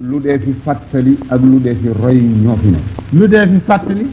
lu dee fi fàttali ak lu dee fi roy ñoo fi ne. lu dee fi fàttali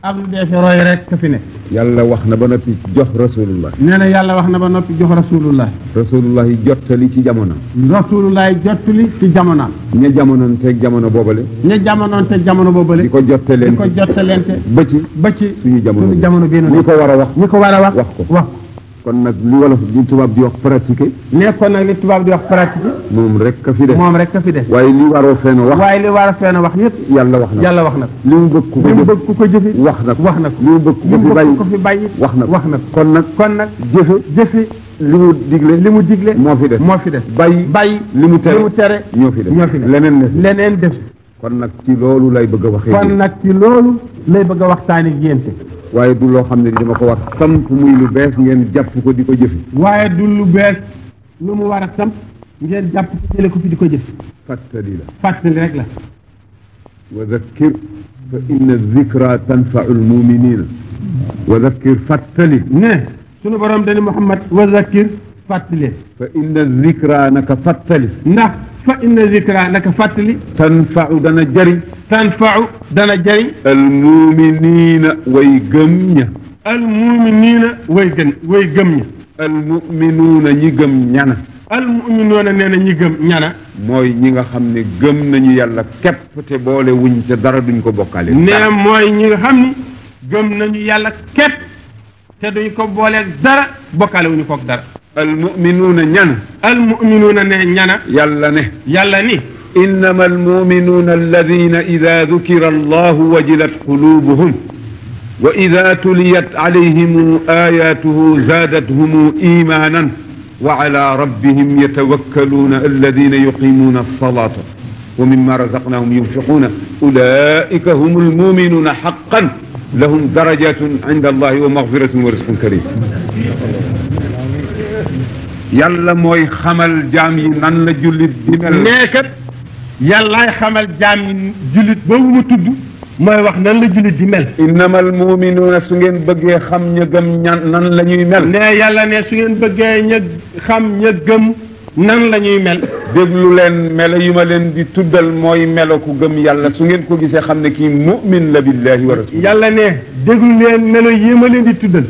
ak lu dee fi roy rek ka fi ne. yàlla wax na ba noppi jox rasulullah. nee na yàlla wax na ba noppi jox rasulullah. rasulullah yi jottali ci jamono. rasulullah yi jottali ci jamono. ña jamonoon teeg jamono boobale. ña jamonoon teeg jamono boobale. di ko jottaleente di ko jottaleente. ba ci ba ci. suñu jamono suñu jamono bi ko war a wax. ñu ko war a wax wax ko. kon nag li wolof di tubaab di wax pratiquer. ne kon nag li tubaab di wax pratiquer. moom rek fi des moom rek ka fi des. waaye li waroo fenn wax. waaye li waroo fenn wax yëpp. yàlla wax na yàlla wax na. li mu bëgg ko jëf li ko jëfe. wax na wax na li mu bëgg ku ko fi wax na wax na kon nag. kon nag jëfe jëfe. li mu digle li mu digle. moo fi des moo fi des. bàyyi bàyyi li mu tere li mu tere. ñoo fi des ñoo leneen des leneen des. kon nag ci loolu lay bëgg a waxee. kon nag ci loolu bëgg a waxtaan ak waaye du loo xam ne dama ko war a samp muy lu bees ngeen jàpp ko di ko jëfi waaye du lu bees lu mu war a samp ngeen jàpp ko jële ko fi di ko jëf fàttali la fàttali rek la wa zakkir fa inna zikra tanfau lmuminina wa zakkir fàttali ne sunu borom dani Muhammad wa zakkir fàttali fa inna zikra naka fàttali ndax fa inna zikra naka fàttali. tanfau dana jëriñ. tanfau dana jëriñ. almuminina way gëm ña. almuminina way gën way gëm ña. almuminuuna ñi gëm ñana. almuminuuna nee ñi gëm ñana. mooy ñi nga xam ne gëm nañu yàlla képp te boole wuñ ca dara duñ ko bokkaale. nee mooy ñi nga xam ni gëm nañu yàlla képp te duñ ko booleeg dara bokkaale wuñu koog dara. almuminuuna ñan almuminuuna ne ñana yàlla ne yàlla ni innama almuminuuna alladina ida dukira allahu wajilat qulubuhum wa ida tuliyat alayhim ayatuhu zaadathum imanan wa ala rabbihim yatawakkaluuna alladina yuqimuuna alsalata wa mimma razaqnahum yunfiquuna ulaika hum almuminuuna haqqan lahum darajatun inda allahi wa magfiratun wa rizqun karim yàlla mooy xamal jaam yi nan la jullit di mel. nee kat yàllaay xamal jaam yi jullit boobu mu tudd. mooy wax nan la jullit di mel. innamal muminuuna su ngeen bëggee xam ña gëm ñan nan la ñuy mel. nee yàlla ne su ngeen bëggee ña xam ña gëm nan lañuy mel. déglu leen melo yu ma leen di tuddal mooy melo ku gëm yàlla su ngeen ko gisee xam ne kii mu'min la billahi wa rasul. yàlla ne déglu leen melo yi ma leen di tuddal.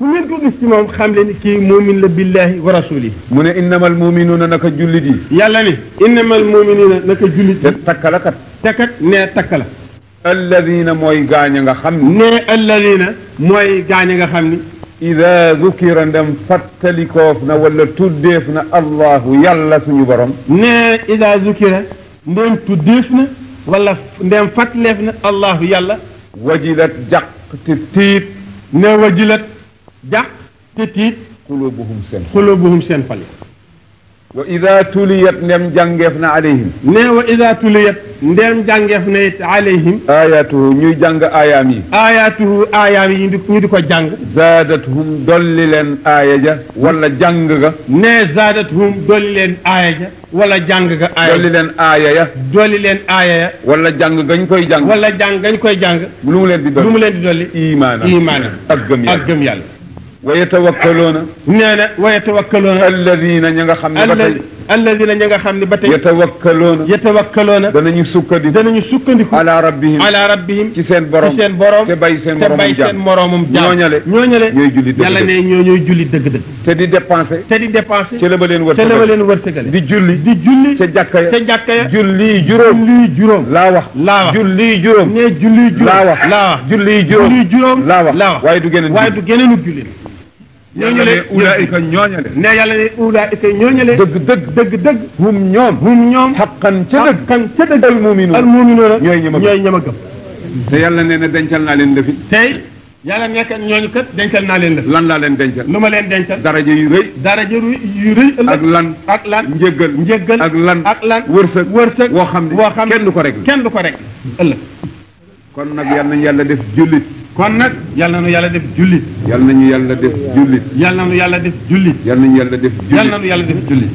ku ngeen ko gis ci moom xam leen kii muumin la billahi wa rasulihi mu ne innamal muuminuuna naka jullit yi yàlla ne innamal muuminuuna naka jullit yi takka la kat takkat ne takka la alladina mooy gaañ nga xam ni ne alladina mooy gaañ nga xam ni ida dukira ndem fàttalikof na wala tuddeef na allahu yàlla suñu borom ne ida dukira ndem tuddeef na wala ndem fàttaleef na allahu yàlla wajilat jàq te tiit ne wajilat jax te tiit xulubuhum seen xulubuhum seen xol yi wa tuliyat ndem jàngeef na alayhim ne wa ida tuliyat ndem jàngeef na it alayhim ayatuhu ñuy jàng aayaam yi ayatuhu aayaam yi ñu di ko jàng zaadathum dolli wala jàng ga ne zaadathum leen aaya wala jàng ga aaya dolli leen leen aaya wala jàng gañ koy jàng wala jàng gañ koy jàng lu mu leen di dolli lu mu leen di dolli wa yatawakkaluuna nee na wa yatawakkaluuna alladina ña nga xam ne ba tey alladina ña nga xam ne ba tey yatawakkaluuna yatawakkaluuna danañu sukkandiku danañu sukkandiku ala rabbihim ala rabbihim ci seen borom ci seen borom te bay seen te bay seen moromam jaam ñooñale ñooñale ñooy julli dëgg yàlla ne ñoo ñooy julli dëgg-dëgg te di dépensé te di dépensé ca la ba leen wërsëgal ca la ba leen wërsëgal di julli di julli ca jàkka ya ca jàkka ya julli juróom julli juróom laa wax laa wax julli juróom ne julli juróom laa wax laa wax julli juróom julli juróom laa wax laa wax waaye du geneen waaye du geneenu julli ñooñale ulaayika ñooñale ne yàlla ne ulaayika ñooñale dëgg dëgg dëgg dëgg hum ñoom hum ñoom xaqan ca dëgg xaqan ca dëgg al muminuun al muminuun ñooy ñama ñooy ñama gëm te yàlla nee na dencal naa leen lëfi tey yàlla nekk ñooñu kat dencal naa leen lëf lan laa leen dencal lu ma leen dencal daraja yu rëy daraja yu rëy ak lan ak lan njéggal njéggal ak lan ak lan wërsëg wërsëg woo xam ne woo xam ne kenn du ko rek kenn du ko rek ëllëg kon nag yàlla nañ yàlla def jullit kon nag yal na nu yàlla def jullit. yal na ñu yàlla def jullit. yal na nu yàlla def jullit. yal na ñu yàlla def jullit. yal na nu yàlla def jullit.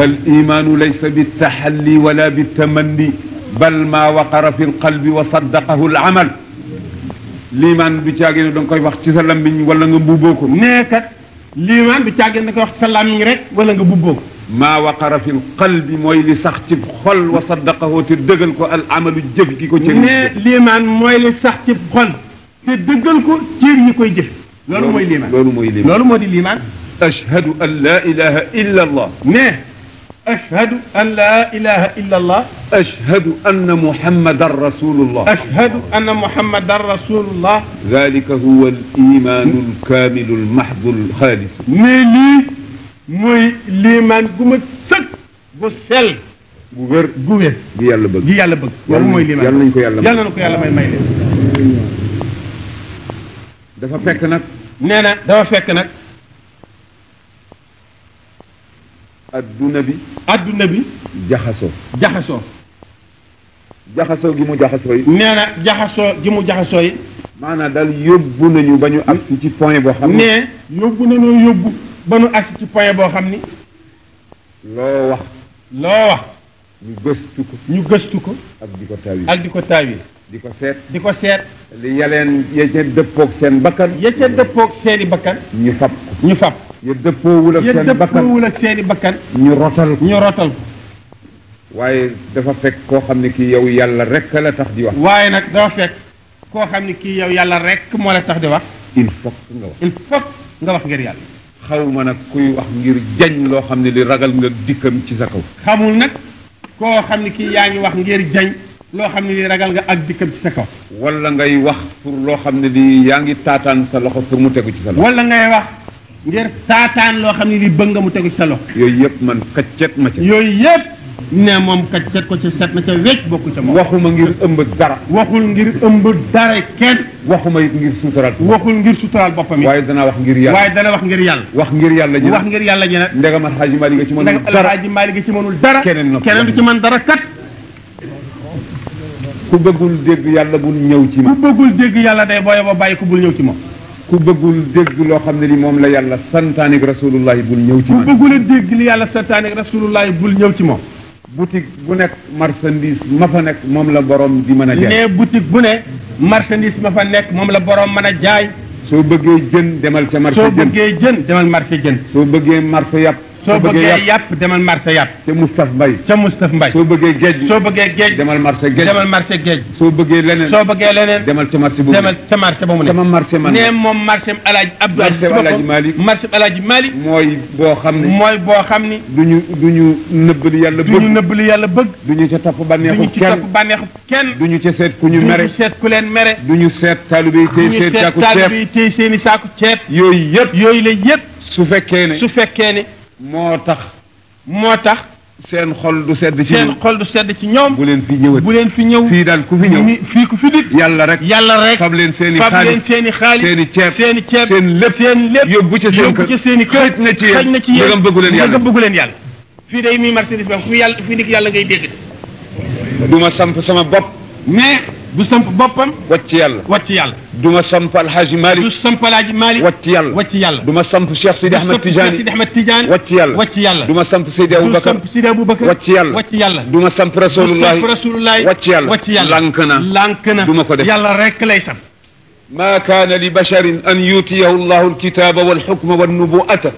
al imaanu laysa bi taxalli wala bi tamanni bal maa waqara fi lqalbi wa saddaqahu al amal liimaan bi caagee ne da nga koy wax ci sa lammiñ wala nga mbubboo ko. nee kat liimaan bi caagee ne da nga koy wax ci sa lammiñ rek wala nga mbubboo ko. maa waqara fi lqalbi mooy li sax ci xol wa saddaqahu te dëgal ko al amalu jëf gi ko. ci nee liimaan mooy li sax ci xol. te dëggal ko cër yi koy jëf loolu mooy liimaan loolu mooy liimaan loolu moo di liimaan ashhadu an laa ilaha illa allah ne ashhadu an laa ilaha illa allah ashhadu anna muhammadan rasulullah ashhadu anna muhammadan rasulullah dalika huwa al imaanu alkaamilu almahdu alxaalis ne lii mooy liimaan gu ma sëg gu sell gu wér gu wér gi yàlla bëgg gi yàlla bëgg loolu mooy liimaan yàlla nañ ko yàlla may yàlla nañ ko yàlla may may leen dafa fekk nag. nee na dafa fekk nag. adduna bi. adduna bi. jaxasoo. jaxasoo. jaxasoo gi mu jaxasoo yi. nee na jaxasoo gi mu jaxasoo yi. maanaam dal yóbbu nañu ba ñu agsi ci point boo xam ne. mais yóbbu nañoo yóbbu ba ñu agsi ci point boo xam ni. loo wax. loo wax. ñu gëstu ko. ñu gëstu ko. ak di ko taawi ak di ko taawi. di ko seet. di ko seet. li yaleen ya ca dëppoog seen bakkan. ya ca dëppoog seen bakkan. ñu fab ko ñu fab. ya dëppoowul ak seen bakkan ya dëppoowul bakkan. ñu rotal ñu rotal ko. waaye dafa fekk koo xam ne kii yow yàlla rek la tax di wax. waaye nag dafa fekk koo xam ne kii yow yàlla rek moo la tax di wax. il faut nga wax il faut nga wax ngir yàlla. xaw ma nag kuy wax ngir jañ loo xam ne li ragal nga dikkam ci sa kaw. xamul nag. koo xam ne kii yaa ngi wax ngir jañ loo xam ne lii ragal nga ak dikkam ci sa kaw. wala ngay wax pour loo xam ne di yaa ngi taataan sa loxo mu tegu ci sa wala ngay wax ngir taataan loo xam ne lii bëgg nga mu tegu ci sa loxo. yooyu yëpp man kaccet ma ca. yooyu yëpp. ne moom kat set ko ci set na ca wécc bokku ca moom. waxuma ngir ëmb dara. waxul ngir ëmb dara kenn. waxuma it ngir suutaral. waxul ngir suutaral boppam it. waaye danaa wax ngir yàlla waaye dana wax ngir yàlla. wax ngir yàlla ñu wax ngir yàlla ñu ne. ndegam alxaaji Maalik nga ci mënul dara ndegam alxaaji Maalik nga ci mënul dara. keneen na keneen du ci mën dara kat. ku bëggul dégg yàlla bul ñëw ci ma. ku bëggul dégg yàlla day booy ba bàyyi ku bul ñëw ci moom. ku bëggul dégg loo xam ne li moom la yàlla santaane ak rasulullahi bul ñëw ci man. ku bëggul dégg li yàlla santaane ak rasulullahi bul ñëw ci moom boutique bu nekk marchandise ma fa nekk moom la borom di mën na jaay. nee boutique bu ne marchandise ma fa nekk moom la borom mën a jaay. soo bëggee jën demal ca marché jën soo bëggee jën demal marché jën. soo bëggee marché yàpp soo bëggee yàpp demal marché yàpp. ca Moustapha Mbaye. ca Moustapha Mbaye. soo bëggee géej. soo bëggee géej. demal marché géej. demal marché soo bëggee leneen. soo bëggee leneen. demal ca marché bu mu demal ca marché ba mu ne. sama marché man nee moom marché Alaaji Abdou. marché Alaaji Malick mooy boo xam ne. mooy boo xam ne. du ñu du ñu nëbb li yàlla bëgg. du ñu nëbb li yàlla bëgg. du ñu ca topp bànneexu kenn du ñu ca kenn. du ñu ca seet ku ñu mere. du ñu seet ku leen mere. du ñu seet taalibe yi tey seen. saaku ceeb du ñu seet taalibe yi yooyu yëpp yooyu la yëpp. su fekkee ne su fekkee ne moo tax moo tax seen xol du sedd ci seen xol du sedd ci ñoom bu leen fi ñëwati bu leen fi ñëw fii daal ku fi ñëw fii ku fi dik yàlla rek yàlla rek fab leen seen i xaalis fab leen seen i xaalis seen i ceeb seen i ceeb seen lépp seen lépp yóbbu ca seen kër yóbbu ca seen i kër xëj na ci yéen xëj na ci yéen bëggu leen yàlla bëggu leen yàlla fii day mi marchandise ba fu yàlla fii dik yàlla ngay dégg duma samp sama bopp mais du samp boppam. wàcc yàlla wàcc yàlla. du ma samp Alhaji Malick. du samp Alhaji Malick. wàcc yàlla wàcc yàlla. du ma samp Cheikh Sidi Ahmed Tidiane. Cheikh Sidi Ahmed Tidiane. wàcc yàlla wàcc yàlla. du ma samp Seydi Aboubacar. du samp Seydi Aboubacar. wàcc yàlla wàcc yàlla. du ma samp Rasulullahi. wàcc yàlla wàcc yàlla. lànk na lànk na du ma ko def yàlla rek lay samp. ما كان لبشر أن يؤتيه الله الكتاب والحكم والنبوءة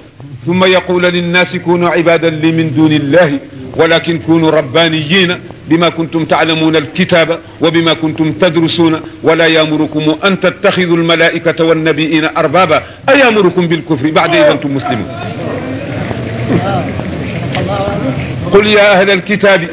ثم يقول للناس كونوا عبادا لي من دون الله ولكن كونوا ربانيين bima kuntum taalamuuna alkitaba wa bima kuntum tadrusuuna wala yamurukum an tattaxidu almalaikata wannabiina arbaba a yamurukum bilkufri bada id antum muslimun qul ya ahla alkitabi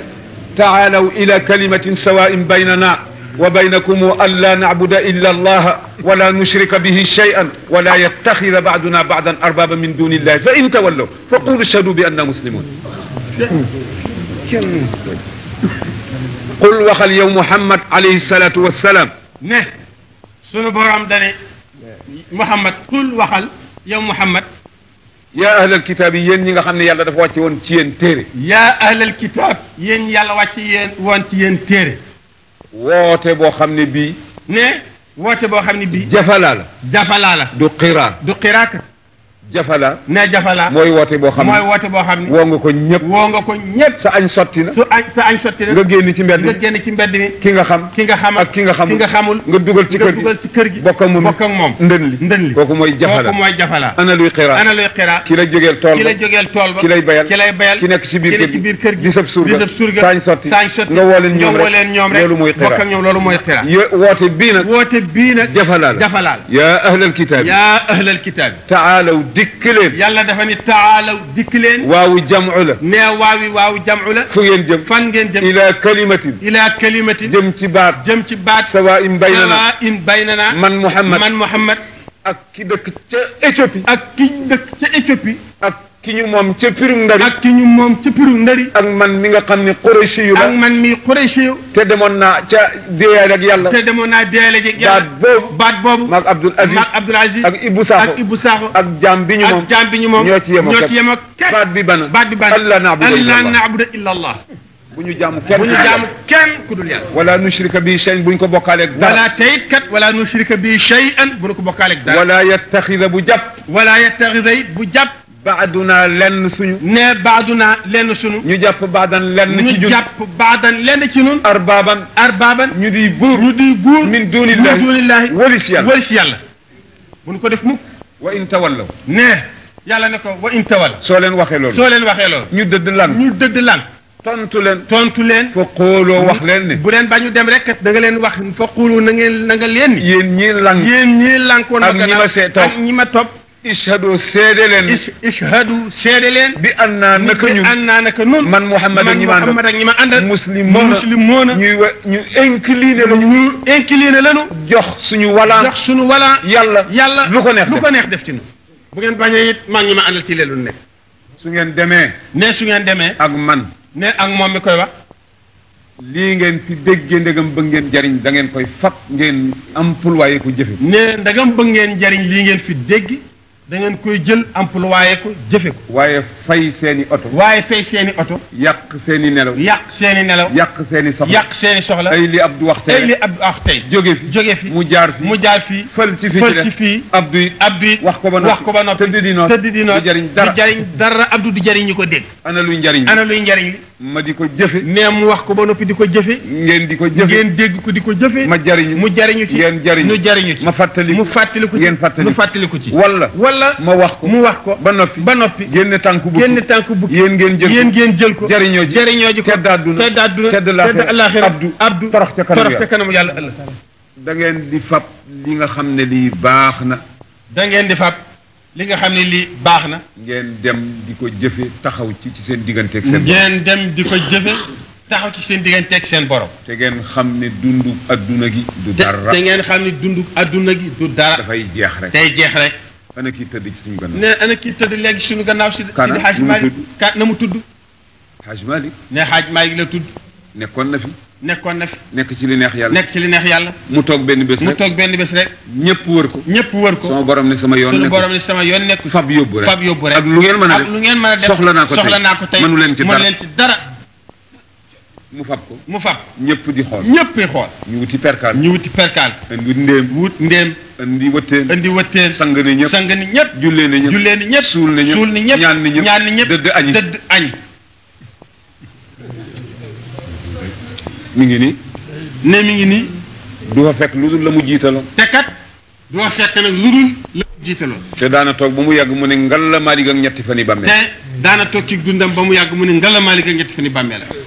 taalaw ila kalimatin sawain baynana wa baynakum an la nacbuda illa allaha wala nushrika bihi shay'an wala yattaxida bacduna bacdan arbaba min duni illahi fa in tawallaw fa qulu ashhadu bi anna muslimun qul waxal yow Muhammad alayhi salaatu wa salaam. ne sunu borom dane Muhammad qul waxal yow Muhammad. yaa ahlal kitaab yi yéen ñi nga xam ne yàlla dafa wàcce woon ci yéen téere. yaa ahlal kitaab yéen yàlla wàcce yéen woon ci yéen téere. woote boo xam ne bii. ne woote boo xam ne bii. jafalaa la. jafalaa la. du qiraa. du qiraaka. jafala ne jafala mooy woote boo xam ne mooy woote boo xam ne woo nga ko ñëpp woo nga ko ñëpp sa añ sotti na su añ sa añ sotti na nga génn ci mbedd mi nga génn ci mbedd mi ki nga xam ki nga xam ak ki nga xamul ki nga xamul nga dugal ci kër gi nga dugal ci kër gi bokk ak moom bokk ak moom ndën li ndën li kooku mooy jafala kooku mooy jafala ana luy xiraa ana luy xiraa ki la jógeel tool ba ki la jógeel tool ba ki lay bayal ki lay bayal ki nekk ci biir kër gi ci biir kër gi di sab surga di sab surga saañ sotti saañ sotti nga woo leen ñoom rek nga woo leen ñoom rek loolu mooy xiraa bokk ak ñoom loolu mooy xiraa woote bii nag woote bii nag jafala la jafala la yaa ahlal kitaab yaa ahlal kitaab taalaw dikk leen yàlla dafa ni taalaw dikk leen waawu jamcu la nee waawi waawu jamcu la fu ngeen jëm fan ngeen jëm ila kalimatin ila kalimatin jëm ci baat jëm ci baat sawa in baynana sawa in baynana man muhammad man muhammad ak ki dëkk ca Éthiopie ak ki dëkk ca Éthiopie ak ki ñu moom ca pirum ndari ak ki ñu moom ca pirum ndari ak man mi nga xam ne Qurayshi yu la ak man mi Qurayshi yu te demoon naa ca déeyal ak yàlla te demoon naa déeyal ak yàlla baat boobu baat boobu maag Abdul Aziz maag Abdul Aziz ak Ibou Sakho ak Ibou Sakho ak jaam bi ñu moom ak jaam bi ñu moom ñoo ci yem ak baat bi bana baat bi bana allah na'budu illa allah bu ñu jaamu kenn bu ñu jaamu kenn ku dul yàlla wala nushrika bi shay'an bu ñu ko bokkaaleeg dara wala tayit kat wala nushrika bi shay'an bu ñu ko bokkaaleeg dara wala yattaxida bu jàpp wala yattaxida bu jàpp baaduna lenn suñu. ne baaduna lenn suñu. ñu jàpp baadan lenn ci ñun ñu jàpp baadan lenn ci ñun. arbaaban. arbaaban. ñu di buur ñu di buur. min duunillahi min duunillahi. wali si yàlla wali si yàlla. bu nu ko def mukk. wa in tawallaw. ne. yàlla ne ko wa in tawallaw. soo leen waxee loolu. soo leen waxee loolu. ñu dëdd lan. ñu dëdd lan. tontu leen tontu leen fa xooloo wax leen ne bu leen bañu dem rek da nga leen wax fa xooloo na ngeen na leen yéen ñii lànk yéen lànkoon ak ñi ma see topp ak ñi ma topp ishadu seede leen ishadu seede leen bi an naa naka ñun bi an naa naka ñun man Mouhamad ak ñi ma àndal ñi ma àndal muslimoon muslimoon ñuy wa ñu incliné lañu ñu incliné lañu jox suñu walaan jox suñu wala yàlla yàlla lu ko neex lu ko neex def ci ñun bu ngeen bañee it maa ngi ma àndal ci leelu ne su ngeen demee ne su ngeen demee ak man ne ak moom mi koy wax lii ngeen fi déggee ndegam bëgg ngeen jariñ da ngeen koy fab ngeen am pul waaye ko jëfe ne ndegam bëgg ngeen jariñ lii ngeen fi dégg da ngeen koy jël employé ko jëfe ko. waaye fay seeni oto. waaye fay seeni oto. yàq seeni nelaw. yàq seeni nelaw. yàq seeni soxla. yàq seeni soxla. ay li Abdou wax tey ay li Abdou wax tey. jóge fi jóge fi mu jaar fi mu jaar fi. fël ci fi fël ci fii. Abdou it Abdou it wax ko ba noppi wax ko ba noppi tëdd di noot tëdd di noot du jariñ dara du jariñ dara Abdou du jariñ ñu ko dégg. ana luy njariñ ana luy njariñ li. ma di ko jëfe. mais mu wax ko ba noppi di ko jëfe. ngeen di ko jëfe ngeen dégg ko di ko jëfe. ma jariñu mu jariñu ci ngeen jariñu ma fàttali mu fàttali ko ci mu fàttali ko ci walla yàlla ma wax ko mu wax ko ba noppi ba noppi génne tànk bukki génne tànk bukki yéen ngeen jël ngeen jël ko jëriñoo ji jëriñoo ji ko tedd àdduna tedd àdduna tedd àllaaxira abdu abdu torox ca kanamu yàlla torox ca kanamu yàlla ëllëg da ngeen di fab li nga xam ne lii baax na dangeen ngeen di fab li nga xam ne lii baax na ngeen dem di ko jëfe taxaw ci ci seen digganteeg seen ngeen dem di ko jëfe taxaw ci seen digganteeg seen borom. te ngeen xam ne dundu adduna gi. du dara te ngeen xam ne dundu adduna gi du dara. dafay jeex rek tey jeex rek. ana kii tëdd ci suñu gannaaw. nee ana kii tëdd na mu tudd. Hadj Malick. nee Hadj Malick la tudd. nekkoon na fi. nekkoon na nekk ci li neex yàlla. nekk ci li neex yàlla. mu toog benn bés rek toog benn bés ñëpp wër ko. ñëpp wër ko sama borom ne sama yoon. nekkul sama borom yoon nekkul. fab yóbbu rek fab yóbbu rek. ak lu ngeen mën a def a soxla naa ko tey soxla naa ko tey mënu leen ci dara. mu fab ko mu fab ñëpp di xool ñëpp xool ñu wuti perkaal ñu wuti perkaal indi ndéem wut ndéem indi wëttéen indi wëttéen sang ni ñëpp sang ni ñëpp jullee ni ñëpp jullee ñëpp suul ni ñëpp ni ñëpp ñaan ni ñëpp ñaan ni ñëpp dëdd añi dëdd añ mi ngi nii ne mi ngi nii du fa fekk lu dul la mu jiitaloon te kat du fa fekk nag lu dul la mu jiitaloon te daana toog ba mu yàgg mu ne ngal la ñetti fan yi bàmmeel te daana toog ci dundam ba mu yàgg mu ne ngal la maalik ak ñetti fan yi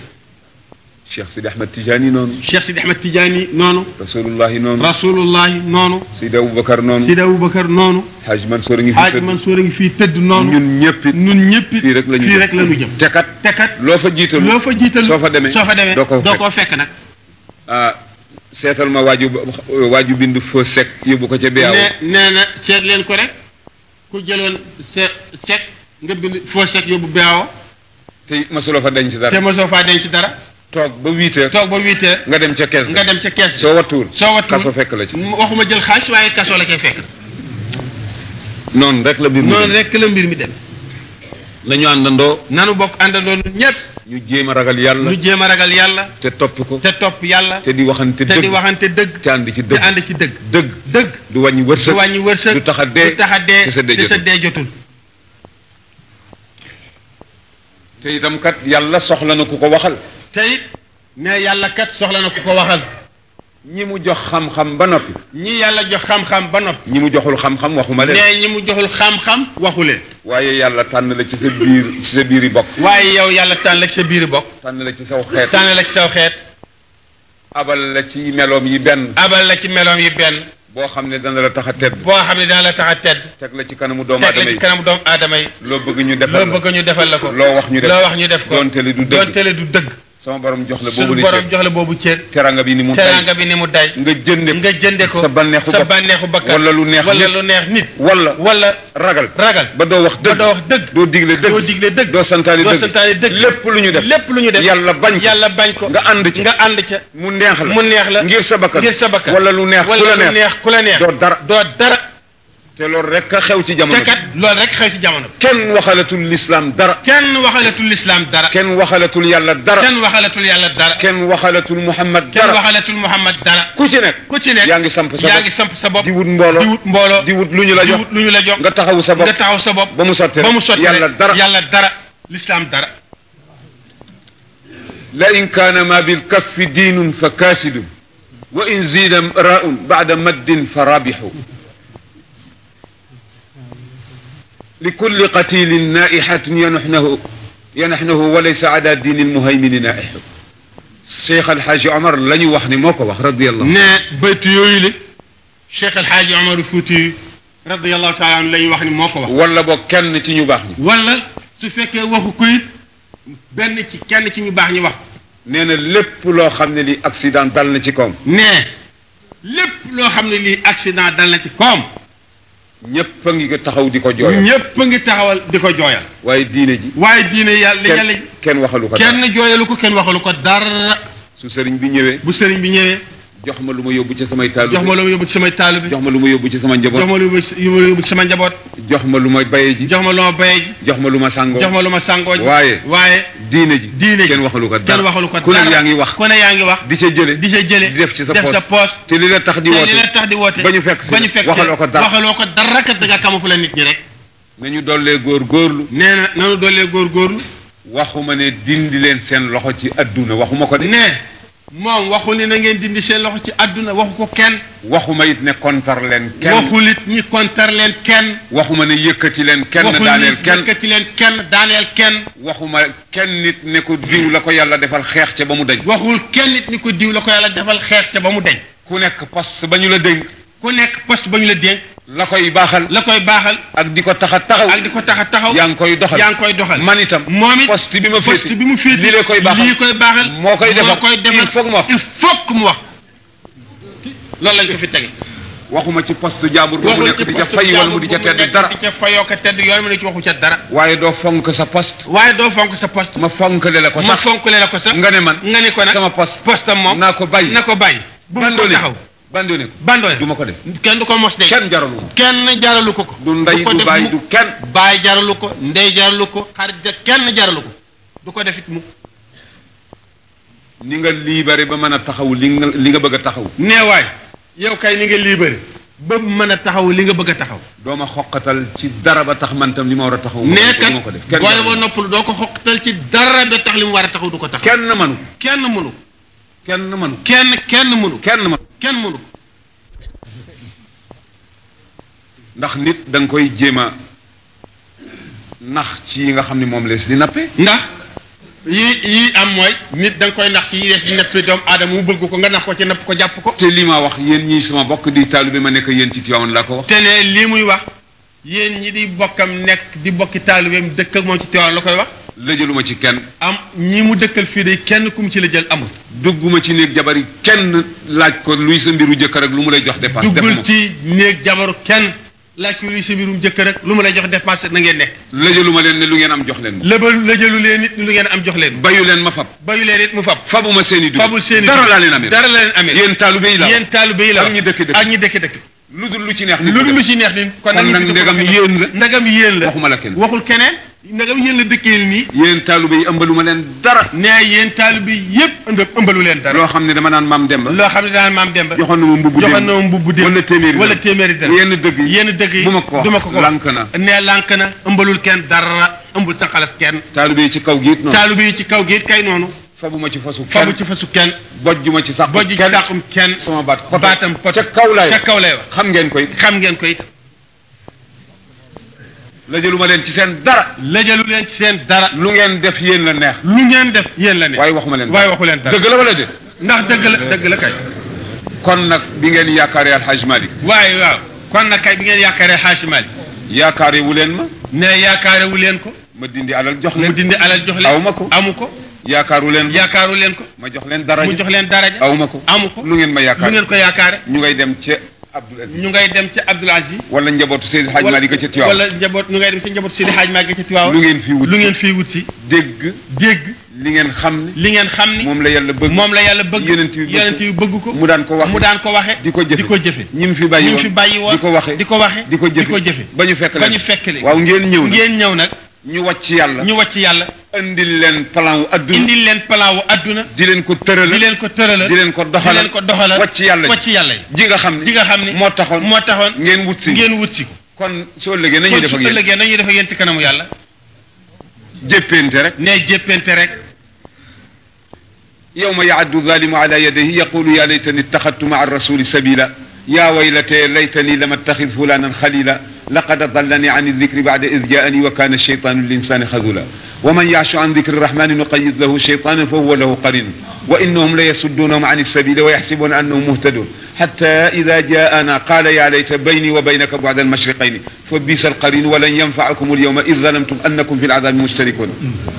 cheikh Sidi Ahmed Tidjani noonu. cheikh Sidi Ahmed Tidjani noonu. rasulullahi noonu. rasulullahi noonu. Sidi Aboubacar noonu. Sidi Aboubacar noonu. Haji Mansour a ngi fi tëdd Haji Mansour a ngi fi tëdd noonu. ñun ñëpp it ñun ñëpp it. fii rek la ñu jëm fii rek la ñu jëm. te kat te kat loo fa jiital. loo fa jiital soo fa demee soo fa demee doo ko fekk nag. ah seetal ma waaju waaju bindu foo sec yóbbu ko ca Biao. nee nee na seet leen ko rek ku jëloon se sec nga bind foo sec yóbbu Biao. te masuloo fa denc dara te masuloo faa denc dara. toog ba huit heures. nga dem ca kees nga dem ca kees soo wattuwul. soo wattuwul kaso fekk la ci. waxuma jël xaalis waaye kaso la cay fekk. noonu rek la mbir mi noonu rek la mbir mi dem. nañu àndandoo. nanu bokk àndandoo ñun ñëpp. ñu jéem a ragal yàlla. jéem a ragal te topp ko. te topp yàlla. te di waxante dëgg te di dëgg. te ànd ci dëgg ci dëgg. dëgg dëgg. du wàññi wërsëg du wàññi wërsëg. du tax a dee du sa dee jotul te itam kat yàlla soxla na ku ko waxal te it ne yàlla kat soxla na ku ko waxal ñi mu jox xam-xam ba noppi ñi yàlla jox xam-xam ba noppi ñi mu joxul xam-xam waxuma leen ne ñi mu joxul xam-xam waxu leen waaye yàlla tànn la ci sa biir sa biir yi bokk waaye yow yàlla tànn la ci sa biir bokk tànn la ci saw xeet tànn saw xeet abal la ci meloom yi benn abal la ci meloom yi benn boo xam ne dana la tax a tedd boo xam ne dana la tax a tedd teg la ci kanamu doom aadama yi kanamu doomu aadama loo bëgg ñu defal bëgg ñu defal la ko loo wax ñu def wax ñu def ko doonte li du dëgg du dëgg sama borom jox la boobu borom jox la boobu cër teranga bi ni mu teranga bi ni mu day nga jënde nga jënde ko sa bànneexu sa bànneexu lu neex wala lu neex nit wala wala ragal ragal ba doo wax dëgg ba doo wax dëgg doo digle dëgg doo digle dëgg doo santaane dëgg doo santaane dëgg lépp lu ñu def lépp lu ñu def yàlla bañ ko yàlla bañ ko nga ànd ci nga ànd ca mu neex la mu neex la ngir sa bakkan ngir sa bakkan wala lu neex ku la neex wala lu neex ku la neex doo doo dara te loolu rek a xew ci jamono. te kat loolu rek xew ci jamono. kenn waxalatul lislaam dara. kenn waxalatul lislaam dara. kenn waxalatul yàlla dara. kenn waxalatul yàlla dara. kenn waxalatul muhammad dara. kenn waxalatul muhammad dara. ku ci nekk. ku ci nekk yaa ngi samp sa bopp yaa ngi samp sa bopp. di wut mbooloo di wut mbooloo. di wut lu ñu la jox di wut lu ñu la jox. nga taxaw sa bopp nga taxaw sa bopp. ba mu sotti ba mu sotti yàlla dara yàlla dara lislaam dara. la in kaana ma bil kaffi diinun fa kaasidun. wa in ziida raun baada maddin fa rabixu likulli qatilin naihatun yanaxnahu yanaxnahu walaysa ala diini lmuhaymini naihu Cheikh El Hadj Omar la ñu wax ni moo ko wax radiyallahu ne baytu yooyu la Cheikh El Hadj Omar Fouti radiyallahu taala anhu la ñu wax ni moo ko wax. wala boog kenn ci ñu baax ñi. wala su fekkee waxu ko it benn ci kenn ci ñu baax ñi wax. nee na lépp loo xam ne lii accident dal na ci koom. nee lépp loo xam ne lii accident dal na ci koom. ñëpp a ngi taxaw di ko jooyal. ñëpp a ngi taxawal di ko jooyal. waaye diine ji. waaye diine yàlla yàlla. kenn waxalu ko dara kenn jooyalu ko kenn waxalu ko dara. su sëriñ bi ñëwee. bu sëriñ bi ñëwee. jox ma lu ma yóbbu ci samay taalibe jox ma lu ma yóbbu ci samay taalibe jox ma lu ma yóbbu ci sama njaboot jox ma lu ma yóbbu ci sama njaboot jox ma lu ma bayee ji jox ma lu ma bayee ji jox ma lu ma sàngoo jox ma lu ma sàngoo ji waaye waaye diine ji diine ji ko dara kenn waxalu ko dara ku ne yaa ngi wax ne yaa ngi wax di ca jële di ca jële di def ci sa poos def li la tax di woote te li la tax di woote ba ñu fekk ba ñu fekk waxaloo ko dara ko dara kat da nga kamu fu la nit ñi rek nañu dollee góor góorlu nee na nañu dollee góor góorlu waxuma ne dindi leen seen loxo ci adduna moom waxul ni na ngeen dindi seen loxo ci àdduna waxu ko kenn. waxuma it ne kontar leen. kenn waxul it ñi kontar leen kenn. waxuma ne yëkkati leen kenn. daaneel kenn yëkkati leen kenn daaneel kenn. waxuma kenn nit ne ko diw la ko yàlla defal xeex ca ba mu deñ. waxul kenn nit ni ko diw la ko yàlla defal xeex ca ba mu deñ. ku nekk poste ba ñu la dénk. ku nekk poste ba ñu la dénk. la koy baaxal la koy baaxal ak di ko tax a taxaw ak di ko tax a taxaw yaa ngi koy doxal yaa ngi koy doxal man itam moom it poste bi ma féete poste bi mu féete lii la koy baaxal lii koy baaxal moo koy defal moo koy defal il faut que mu wax il faut que mu wax loolu lañ ko fi tege waxuma ci poste jaambur boobu nekk di ca fay wala mu di ca tedd dara di ca fayoo ko tedd yoon mi di ci waxu ca dara waaye doo fonk sa poste waaye doo fonk sa poste ma fonk le la ko sax ma fonk le la ko sax nga ne man nga ne ko nag sama poste poste moom naa ko bàyyi na ko bàyyi bu mu ko taxaw bandone ko bandone du ma ko def. kenn du ko mos de. kenn jaralu ko kenn jaralu ko ko. du ndey du baay du kenn. baay jaralu ko ndey jaralu ko xarit kenn jaralu ko du ko def it mu. ni nga libéré ba mën a taxaw li nga li nga bëgg a taxaw. neewaay yow kay ni nga libéré. ba mën a taxaw li nga bëgg a taxaw. doo ma xoqatal ci dara ba tax man tam li ma war a taxaw. nekkat booy boo noppalu doo ko xoqatal ci dara ba tax li mu war a taxaw du ko taxaw. kenn mënu. kenn mënu. kenn mënu. kenn kenn mënu. kenn mënu. kenn mënu ko ndax nit danga koy jéem a nax ci yi nga xam ni moom lees di nappe ndax yi yi am mooy nit da nga koy nax ci yi lees di nappe doomu aadama mu bëgg ko nga nax ko ci napp ko jàpp ko te lii ma wax yéen ñi sama bokk di taalibe ma nekk yéen ci Tiwaawan laa ko wax te lii muy wax yéen ñi di bokkam nekk di bokki taalibeem dëkk ak moom ci Tiwaawan la koy wax lëjëluma ci kenn. am ñi mu dëkkal fii de kenn ku mu ci la jël amul. dugguma ci néeg jabari kenn laaj ko luy sa mbiru jëkk ak lu mu lay jox dépense. duggul ci néeg jabaru kenn laaj ko luy sa mbirum jëkkër ak lu mu lay jox dépense na ngeen nekk. lëjëluma leen ne lu ngeen am jox leen. lëbal lëjëlu leen it lu ngeen am jox leen. bayu leen ma fab. bayu leen it mu fab. fabuma seen i dara laa leen amee. dara laa leen amee yéen taalube yi la. yéen taalube yi la ak ñi dëkk dëkk lu dul lu ci neex. lu dul lu ci neex ni kon nag ndagam yéen la ndegam yéen la waxuma la kenn waxul keneen nagam yéen la dëkkeel nii yéen taalibe yi ëmbalu ma leen dara nee yéen taalibe yëpp ëndëf ëmbalu leen dara loo xam ne dama naan maam Demba loo xam ne dama naan maam Demba joxoon na ma mbubu joxoon na ma mbubu dem wala téeméeri wala téeméeri dara yéen dëgg yi yéen dëgg yi du ma ko du ma ko lànk na nee lànk na ëmbalul kenn dara ëmbul sa xalas kenn taalibe yi ci kaw gi it noonu taalibe yi ci kaw gi it kay noonu fabuma ci fasu kenn fabu ci fasu kenn bojjuma ci sax bojju ci saxum kenn sama baat baatam ca kaw lay ca kaw lay wax xam ngeen koy xam ngeen koy lëjalu ma leen ci seen dara. lëjalu leen ci seen dara. lu ngeen def yéen la neex. lu ngeen def yéen la neex. waaye waxuma leen waaye waxu leen dëgg la wala déet. ndax dëgg dëgg la kay. kon nag bi ngeen yaakaaree alxaaj Malick. waaye waaw kon nag kay bi ngeen yaakaaree alxaaj Malick. yaakaare wu leen ma. nee yaakaare wu leen ko. ma dindi alal jox leen. dindi alal jox leen ma ko amu ko. yaakaaru leen yaakaaru leen ko. ma jox leen daraja mu jox leen daraja. aw ma ko amu ko lu ngeen ma yaakaare lu ngeen ko yaakaare. ñu ngay dem ca Abdoul Aziz ñu ngay dem ca Tiwaawan wala njabootu Seydi Hadj Malick ca Tiwaawan lu lu ngeen fii wut dégg dégg li ngeen xam ni li ngeen xam ni moom la yàlla bëgg moom la yàlla bëgg yonent bi bëgg ko mu daan ko waxe di ko jëfe di fi bàyyi woon di ko waxe di ko jëfe ba ñu fekkale waaw ngeen ñëw nag ñu wàcc yàlla ñu wàcc yàlla. indil leen plan wu adduna indil leen plan wu adduna. di leen ko tërala di leen ko tërala di leen ko doxala di leen ko doxala wàcc yàlla wàcc yàlla ji nga xam ne ji nga xam ne moo taxoon moo ngeen wut si ngeen wut si ko. kon soo lëgee nañuy def ak yéen kon soo lëgee nañuy def ak yéen ci kanamu yàlla. jéppente rek. nee jéppente rek. yawma yaaddu zalimu ala yadayhi yaqulu ya laytani ittaxadtu maa rasuli sabila yaa waylatee laytani lam attaxid fulanan xalila laqad adallani an aldikri bada id jaani wa kaana sheytaanu linsani xadula wa man yaashu an dikri rahmani nuqayid lahu sheytaanan fa huwa lahu qarin wa innahum la yasudduunahum an ilsabili wa yaxsibuuna annahum muhtadun xata ida jaana qaala yaa layta bayni wa baynaka bada almashriqayni fa biisa alqarin walan yanfacakum alyawma id zalamtum annakum fi lcadaabi mushtarikun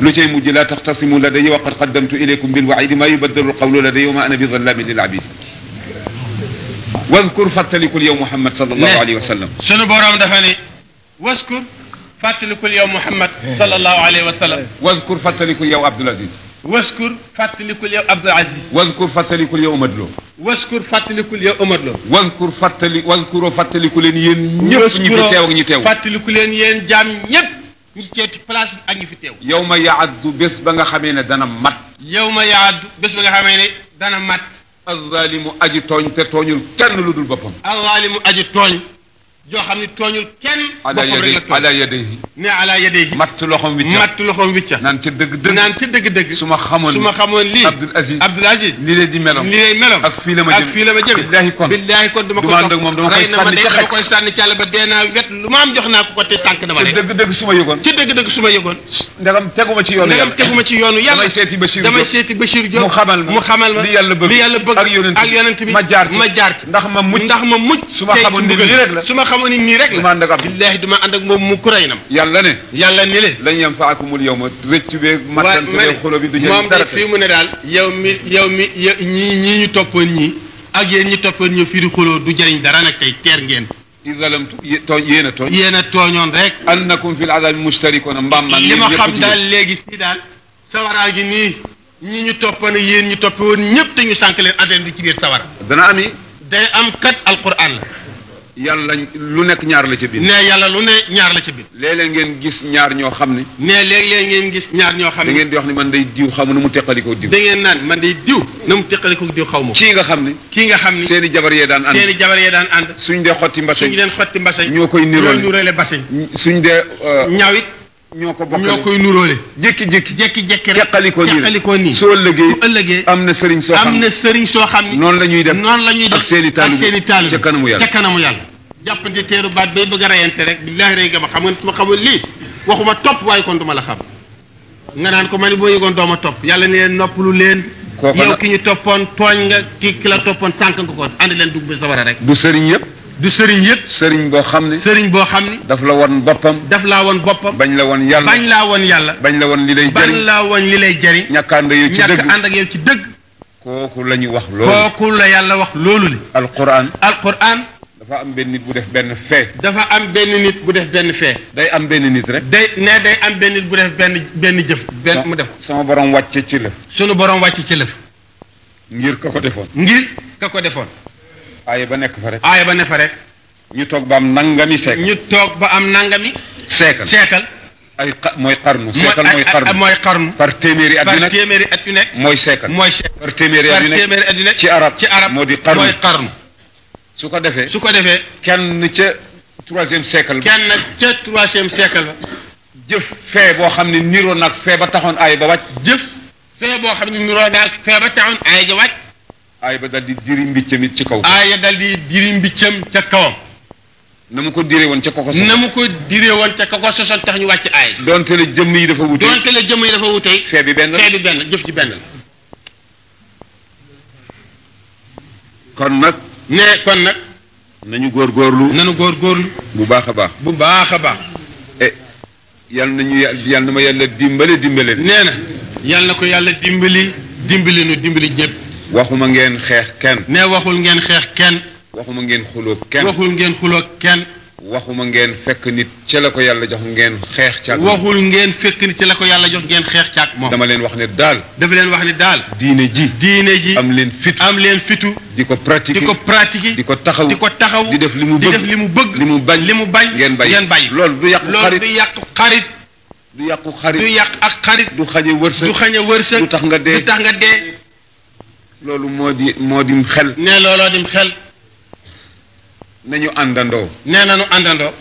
lu cay mujj laa taxtasimu ladayya wa qad qaddamtu ilaykum bilwacidi maa yubaddalu alqawlu ladayya wa maa ana bi zallaamin lilabid waskur fàttalikul yow Muhammad sallallahu alayhi wa sallam. sunu borom dafa ni waskur fàttalikul yow Muhammad sallallahu alayhi wa sallam. waskur fàttalikul yow Abdoul Aziz. waskur fàttalikul yow Abdoul Aziz. waskur fàttalikul yow Omar Lo. waskur fàttalikul yow Omar Lo. waskur fàttali waskuroo fàttaliku leen yéen. ñëpp ñi fi teew ak ñi teew. fàttaliku leen yéen jaam ñëpp. ñu teew ci place bi ak ñu fi teew. yow ma yaaddu bés ba nga xamee ne dana mat. yow ma yaaddu bés ba nga xamee ne dana mat. azzaalimu aji tooñ te tooñul kenn lu dul boppam. azzaalimu aji tooñ joo xam ne tooñul kenn. ala yadayhi ala yadayhi ne ala yadayhi. matt loxoom wicca matt loxoom wicca. naan ca dëgg dëgg naan ca dëgg dëgg. su ma xamoon su ma xamoon lii Abdul Aziz Abdul Aziz. lii lay di meloom lii lay meloom. ak fii la ma jëm ak fii la ma jëm. billaahi kon billaahi kon dama ko topp moom dama koy sànni ca xaj dama koy sànni ca àll ba dee naa wet lu ma am jox naa ko ko te sànq dama lay. ca dëgg dëgg su ma yëgoon. ca dëgg dëgg su ma yëgoon. ndegam teguma ci yoonu yàlla ndegam teguma ci yoonu yàlla. damay seeti Bachir Diop damay seeti Bachir Diop. mu xamal ma mu xamal ma li yàlla bëgg li yàlla bëgg ak yonent bi ma jaar ci ndax ma mucc ndax ma mucc. su ma xamoon ni lii rek la xamoon ni nii rek la. duma ànd ak ab billaahi duma ànd ak moom mu kuréynam. yàlla ne. yàlla ne le. lañ yem fa akumul yow ma rëcc beeg. waaw ma ne moom de fii mu ne daal. yow mi yow mi ñii ñii ñu toppoon ñii. ak yéen ñu toppoon ñu fii di xuloo du jëriñ dara nag tey teer ngeen. izalamtu tooñ yéen a tooñ. yéen a tooñoon rek. annakum fil azab mustarikuna mbaam man. li ma xam daal léegi si daal. sawaraa gi nii. ñi ñu toppoon yéen ñu topp woon ñëpp te ñu sànq leen aden bi ci biir sawara. dana am yi. day am kat alquran la yàlla lu nekk ñaar la ci bind. ne yàlla lu ne ñaar la ci bind. léeg-léeg ngeen gis ñaar ñoo xam ne. ne léeg-léeg ngeen gis ñaar ñoo xam ne. da ngeen di wax ne man day diw ma nu mu teqalikoo diw. da ngeen naan man day diw. na mu teqalikoo diw xaw ma. kii nga xam ne. kii nga xam ne seen i jabar yee daan ànd. seen i jabar yee daan ànd. suñ dee xotti mbase. suñ dee xotti mbase. ñoo koy niroole ñoo niroole mbase. suñ dee. Euh, ñaaw it. ñoo ko bokkale ñoo koy nuróole. jékki-jékki jékki-jékki rek teqalikoo nii teqalikoo soo ëllëgee am na sëriñ soo xam am na sëriñ soo xam ni noonu la ñuy def noonu la ñuy def ak seen i taalu kanamu yàlla ca kanamu yàlla jàppante teeru baat bay bëgg a rayante rek billaahi rey ga ma xam nga ma xamul lii waxuma topp waaye kon du ma la xam nga naan ko man boo yëgoon dooma topp yàlla ni leen noppalu leen yow ki ñu toppoon tooñ nga ki ki la toppoon sànq nga ko ànd leen dugg bi sawara rek du sëriñ yëpp du sëriñ yëpp sëriñ boo xam ni sëriñ boo xam ni daf la won boppam daf laa won boppam bañ la won yàlla bañ laa won yàlla bañ la won li lay jëriñ laa won li lay jëriñ ñàkk ànd yow ci dëgg ak yow ci dëgg kooku la ñu wax loolu kooku la yàlla wax loolu dafa am benn bu def benn fee. dafa am benn nit bu def benn fee. day am benn nit rek. day ne day am benn nit bu def benn benn jëf. benn mu def sama borom wàcce ci lëf. sunu borom wàcce ci lëf. ngir ka ko defoon. ngir ka ko defoon. aaya ba nekk fa rek. aaya ba nekk fa ñu toog ba am nangami seekal. ñu toog ba am nangami. seekal seekal. ay xa mooy xarnu. seekal mooy xarnu mooy xarnu. par téeméeri at yu nekk par téeméeri at yu nekk. mooy seekal mooy seekal. par téeméeri at yu ci arab. moo di xarnu su ko defee su ko defee kenn ca troisième siècle ba kenn ca troisième siècle ba jëf fee boo xam ne niroo nag fee ba taxoon aay ba wàcc jëf fee boo xam ne niroo nag fee ba taxoon aay ba wàcc aay ba dal diri mbiccam it ci kaw aay dal di diri mbiccam ca kawam na mu ko diree woon ca koko na mu ko diree woon ca koko sosoon tax ñu wàcc aay donte la jëmm yi dafa wute donte la dafa wute fee bi benn fee bi benn jëf ci benn kon nag ne kon nag nañu góor góorlu nanu góor góorlu bu baax a baax bu baax a baax eh yal nañu yal na ma yàlla dimbale dimbale nee na yal na ko yàlla dimbali dimbali nu dimbali ñëpp waxuma ngeen xeex kenn ne waxul ngeen xeex kenn waxuma ngeen xuloo kenn waxul ngeen xuloo kenn waxuma ngeen fekk nit ca la ko yàlla jox ngeen xeex caag waxul ngeen fekk nit ca la ko yàlla jox ngeen xeex caag moom dama leen wax ne daal dafa leen wax ne daal diine ji diine ji am leen fitu am leen fitu di ko pratiquer di ko pratiquer di ko taxaw ko taxaw di def li mu bëgg li mu bëgg li mu bañ li mu bañ ngeen bàyyi ngeen bàyyi loolu du yàqu xarit loolu du yàqu xarit du yàqu xarit du yàq ak xarit du xañe wërsëg du xañe tax nga dee du tax nga dee loolu moo di moo dim xel ne looloo dim xel nañu àndandoo. nee na ñu àndandoo.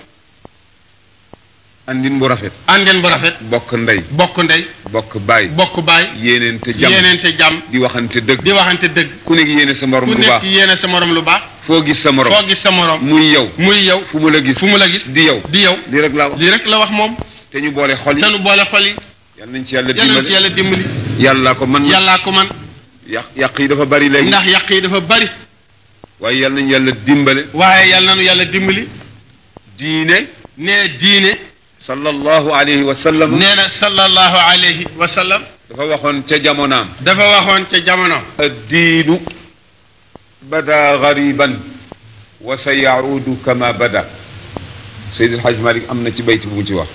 andin bu rafet. andin bu rafet. bokk ndey. bokk ndey. bokk baay. bokk baay. yéeneente jàmm yéeneente jàmm. di waxante dëgg. di waxante dëgg. ku nekk yéene sa morom lu baax ku nekk yéene lu baax. foo gis sa morom foo gis sa morom. muy yow muy yow. fu mu la gis fu mu la gis. di yow di yow. li rek la wax rek la wax moom. te ñu boole xol yi te ñu boole xol yi. yal nañ ci yàlla dimbali yal nañ ci yàlla dimbali. yàllaa ko man yàllaa ko man. yàq yàq yi dafa bari léegi. ndax yàq yi dafa bari. waaye yal nañu yàlla dimbali. waaye yal yàlla dimbali. diine. nee diine. sallallahu alayhi wa sallam. dafa waxoon ca jamonaam. dafa waxoon ca jamono. diinu. bada gariban. wa sa kama bada. Seydi El Hadj am na ci bayt bu ci wax.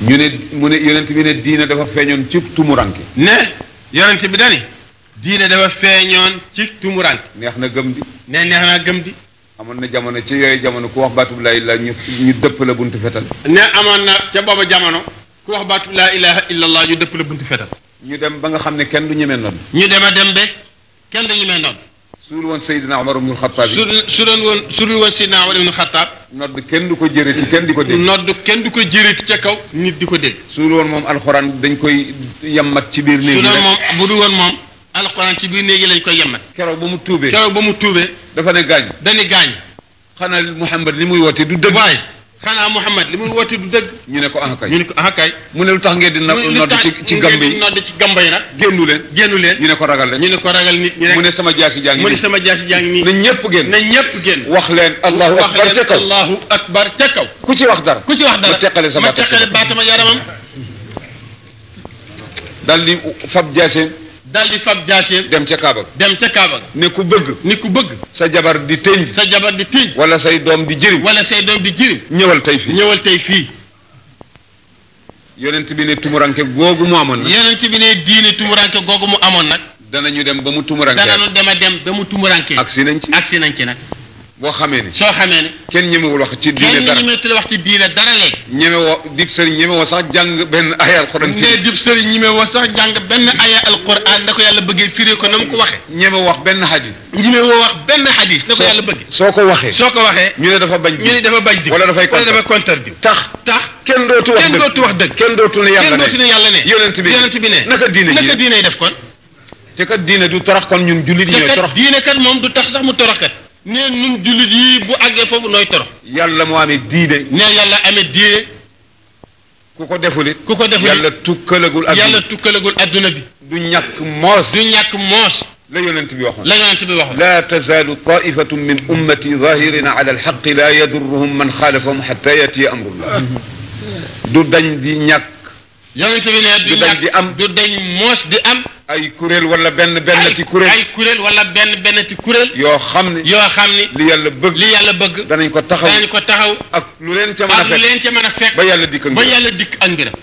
ñu ne mu ne yonent diine dafa feeñoon ci tumuranke. ne yonent bi dani diine dafa feeñoon ci tumuraan neex na gëm di ne neex na gëm di amoon na jamono ci yooyu jamono ku wax baatub laa illah ñu ñu dëpp la buntu fetal ne amoon na ca booba jamono ku wax laa ilaha illallah ñu dëpp la buntu fetal ñu dem ba nga xam ne kenn du ñemee noonu ñu dem a dem ba kenn du ñemee noonu suul woon Seydina Omar ibnul Xataab yi su doon woon suul woon Seydina Omar ibnul Xataab nodd kenn du ko jëre ci kenn di ko dégg nodd kenn du ko jëre ca kaw nit di ko dégg suul woon moom alxuraan dañ koy yammat ci biir néeg su doon bu dul woon moom alquran ci biir néegi lañ koy yemmat. keroog ba mu tuubee keroog ba mu tuubee. dafa ne gaañ. dañuy gaañ. xanaa Muhammad li muy woote du dëgg. waaye xanaa Muhammad li muy woote du dëgg. ñu ne ko ah kay ñu ne ko ah kay. mu ne lu tax ngeen di nodd ci ci gambe yi nodd ci gambe yi nag. génnu leen génnu leen. ñu ne ko ragal leen ñu ne ko ragal nit ñi rek. mu ne sama jaasi jàng nii mu ne sama jaasi jàng nii. na ñëpp génn na ñëpp génn. wax leen allahu akbar ca kaw wax leen allahu akbar ca kaw. ku ci wax dara ku ci wax dara ma teqale sama ma teqale baatama yaramam. daal di fab jaaseem dal di fab jaaseel. dem ca Kaaba. dem ca Kaaba. ne ku bëgg. ni ku bëgg. sa jabar di tëj. sa jabar di tëj. wala say doom di jëriñ. wala say di jëriñ. ñëwal tey fii ñëwal tey fii. yonent bi ne tumuranke googu mu amoon nag. yonent bi ne diine tumuranke googu mu amoon nag. danañu dem ba mu tumuranke. danañu dem a dem ba mu tumuranke. agsi nañ ci agsi nañ ci nag. boo xamee ni soo xamee ni. kenn ñemewul wax ci diine dara kenn ñemeetul wax ci diine dara léegi. ñemewoo dib sëriñ ñemewoo sax jàng benn aya alquran. nee dib sëriñ ñemewoo sax jàng benn aya alquran na ko yàlla bëggee firé ko na mu ko waxee. ñemewoo wax benn hadis. ñemewoo wax benn hadis. na ko yàlla bëggee soo ko waxee. soo ko waxee ñu ne dafa bañ. ñu ne dafa bañ di wala dafay contre wala dafay contre di. tax tax kenn dootu wax dëgg kenn dootu wax dëgg. kenn dootu ne yàlla ne kenn dootu ne yàlla ne. yonent bi yonent bi ne naka diine naka diine def kon. te kat diine du torox kon ñun jullit ñooy torox te kat diine kat moom du tax sax mu torox kat nee nun jullit yi bu àggee foofu nooy torox. yàlla moo amee diine. nee yàlla amee diine. ku ko defulit ku ko defulit yàlla tukkalagul. adduna yàlla tukkalagul adduna bi. du ñàkk moos. du ñàkk moos. la yonent bi waxoon la yonent bi waxoon. laa tazaalu taifatun min ummati zahirina ala alxaqi laa yadurruhum man xaalafahum xata yatiya amrullah du dañ di ñàkk. yonent bi ne du dañ di am du dañ moos di am. ay kuréel wala benn benn ti kuréel kuréel wala benn benn ti kuréel. yoo xam ne yoo xam ne. li yàlla bëgg li yàlla bëgg. danañ ko taxaw danañ ko taxaw. ak lu leen ca mën a fekk leen ca mën a fekk. ba yàlla dikk ak ba yàlla dikk ak mbiram.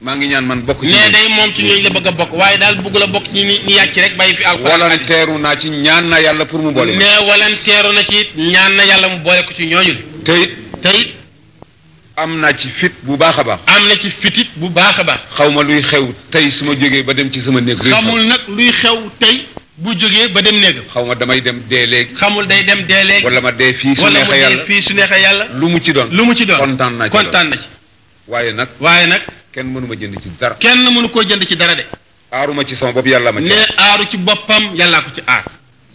maa ngi ñaan man bokk ci ñoom day moom ci ñooñu la bëgg a bokk waaye daal bëgg la bokk ci ñi yàcc rek bàyyi fi. alxuraan walanteeru naa ci ñaan na yàlla pour mu boole. mais walanteeru na ci ñaan na yàlla mu boole ko ci ñooñu. te it te it am naa ci bu baax a baax. am na ci fitit bu baax a baax. xaw ma luy xew tey su ma jógee ba dem ci sama néeg. xamul nag luy xew tey. bu jógee ba dem néegam. xaw ma damay dem dee léegi. xamul day dem dee léegi. wala ma dee fii su neexee yàlla wala mu dee fii su neexee yàlla. lu mu ci doon lu mu ci doon kontaan na ci kontaan na ci. waaye nag. waaye nag. kenn mënu ma jënd ci dara. kenn mënu koo jënd ci dara de. aaru ma ci sama bopp yàlla ma ci. ne aaru ci boppam yàllaa ko ci aar.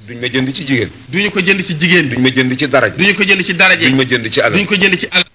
duñ ma jënd ci jigéen. duñu ko jënd ci jigéen. ma jënd ci daraja. duñu ko jënd ci daraja. duñ ma jënd ci